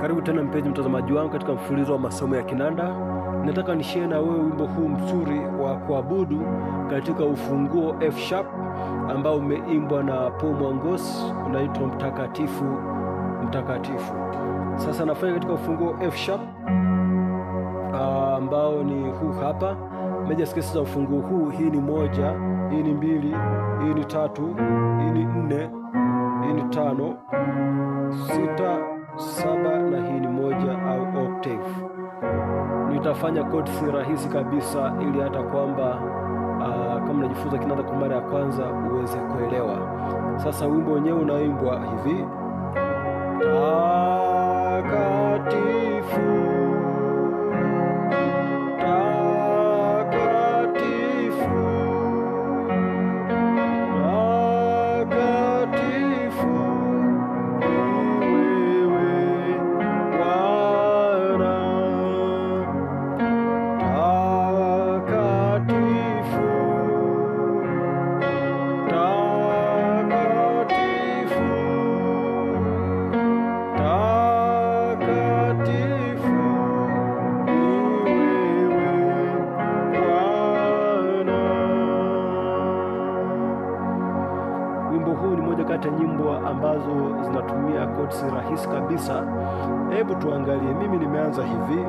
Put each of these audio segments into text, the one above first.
Karibu tena mpenzi mtazamaji wangu katika mfululizo wa masomo ya kinanda. Nataka nishare na wewe wimbo huu mzuri wa kuabudu katika ufunguo F sharp ambao umeimbwa na Paul Mwangos, unaitwa mtakatifu mtakatifu. Sasa nafanya katika ufunguo F sharp ah, ambao ni huu hapa. Meja skesi za ufunguo huu, hii ni moja, hii ni mbili, hii ni tatu, hii ni nne, hii ni tano, sita saba na hii ni moja au octave. Nitafanya chords rahisi kabisa ili hata kwamba uh, kama unajifunza kinanda kwa mara ya kwanza uweze kuelewa. Sasa wimbo wenyewe unaimbwa hivi takatifu zinatumia codes rahisi kabisa. Hebu tuangalie, mimi nimeanza hivi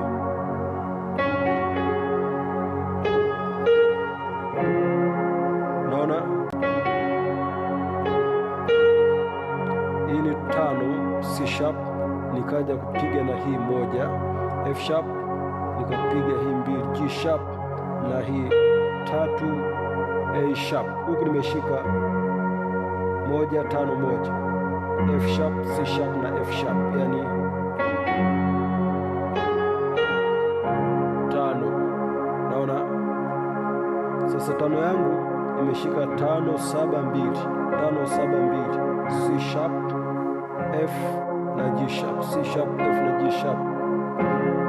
naona hii ni tano C sharp, nikaja kupiga na hii moja F sharp, nikapiga hii mbili G sharp na hii tatu A sharp, huku nimeshika moja tano moja F sharp, C sharp na F sharp, yani tano. Naona sasa tano yangu imeshika tano saba mbili, tano saba mbili, C sharp, F na G sharp, C sharp, F na G sharp.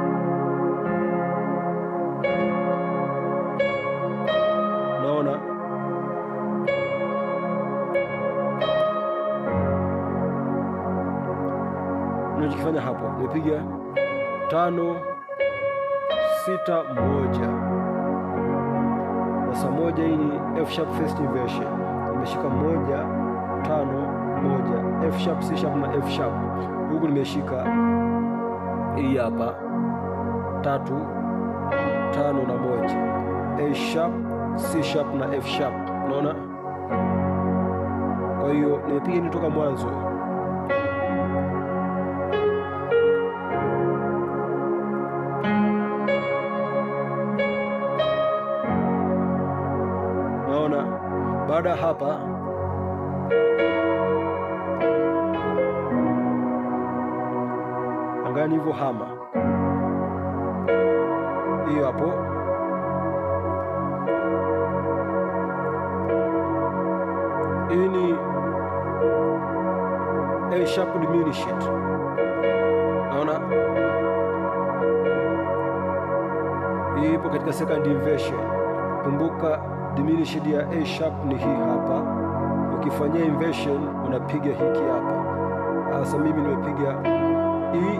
kufanya hapo, nipiga tano sita moja. Sasa moja hii ni F sharp first inversion, nimeshika moja tano moja, F sharp C sharp na F sharp. Huku nimeshika hii hapa tatu tano na moja, A sharp C sharp na F sharp. Unaona? Kwa hiyo nimepiga ni toka mwanzo Baada ya hapa angani hivyo hama hiyo hapo, hii ni A sharp diminished, naona hii ipo katika second inversion, kumbuka diminished ya A sharp ni hii hapa. Ukifanyia inversion unapiga hiki hapa. Sasa mimi nimepiga E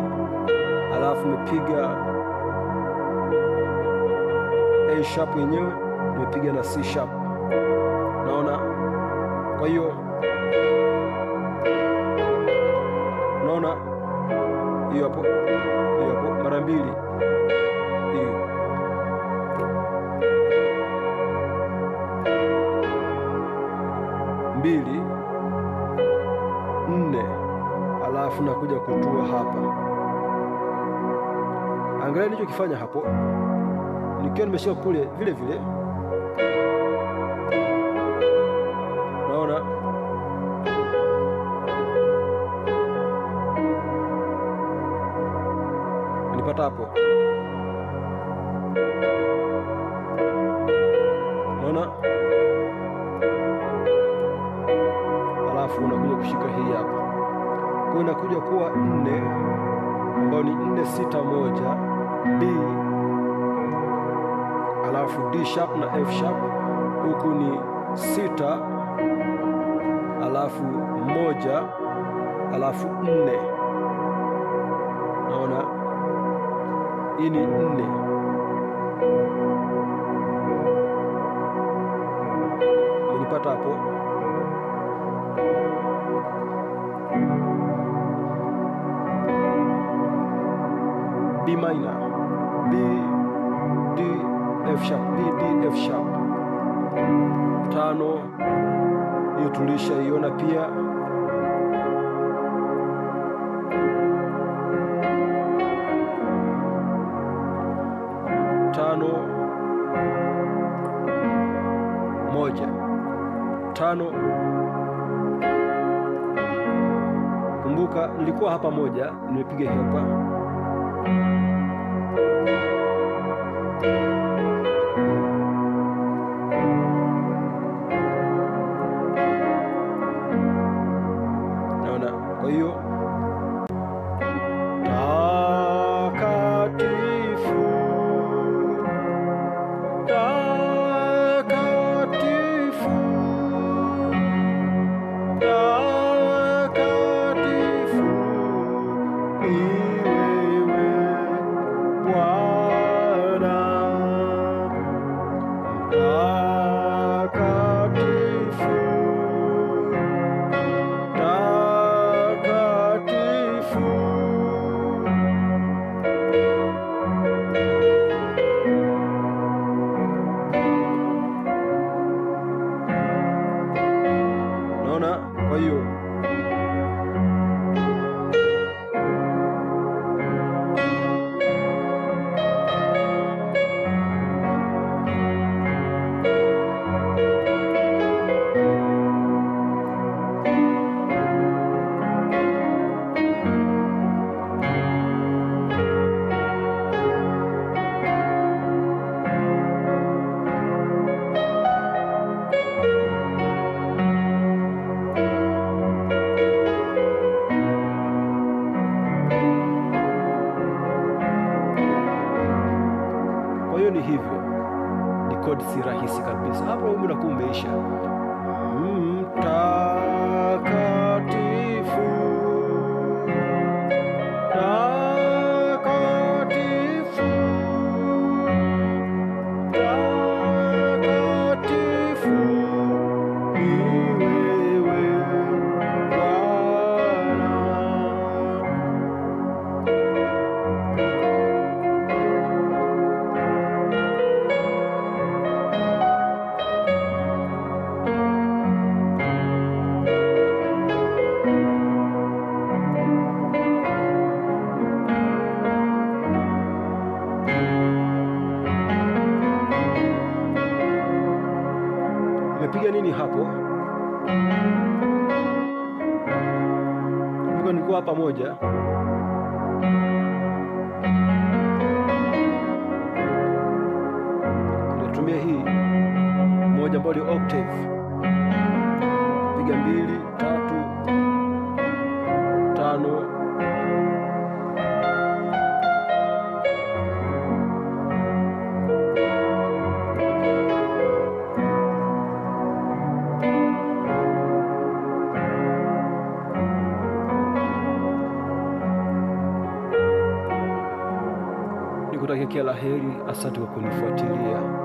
alafu nimepiga A sharp yenyewe nimepiga na C sharp, naona. Kwa hiyo naona hiyo hapo, hiyo hapo mara mbili mbili nne, alafu nakuja kutua hapa. Angalia nilichokifanya hapo, nikiwa nimeshika kule vile vile, naona nipata hapo. kwa inakuja kuwa nne ambayo ni nne sita moja D alafu D sharp na F sharp, huku ni sita alafu moja alafu nne. Naona hii ni nne nilipata hapo. B minor, B, D, F sharp, B, D, F sharp. Tano hiyo tulishaiona pia. Tano moja, tano. Kumbuka nilikuwa hapa moja, nimepiga hapa Kwa hiyo kuwa pamoja. Tunatumia hii moja ambayo ni octave, piga mbili kila heri. Asante kwa kunifuatilia.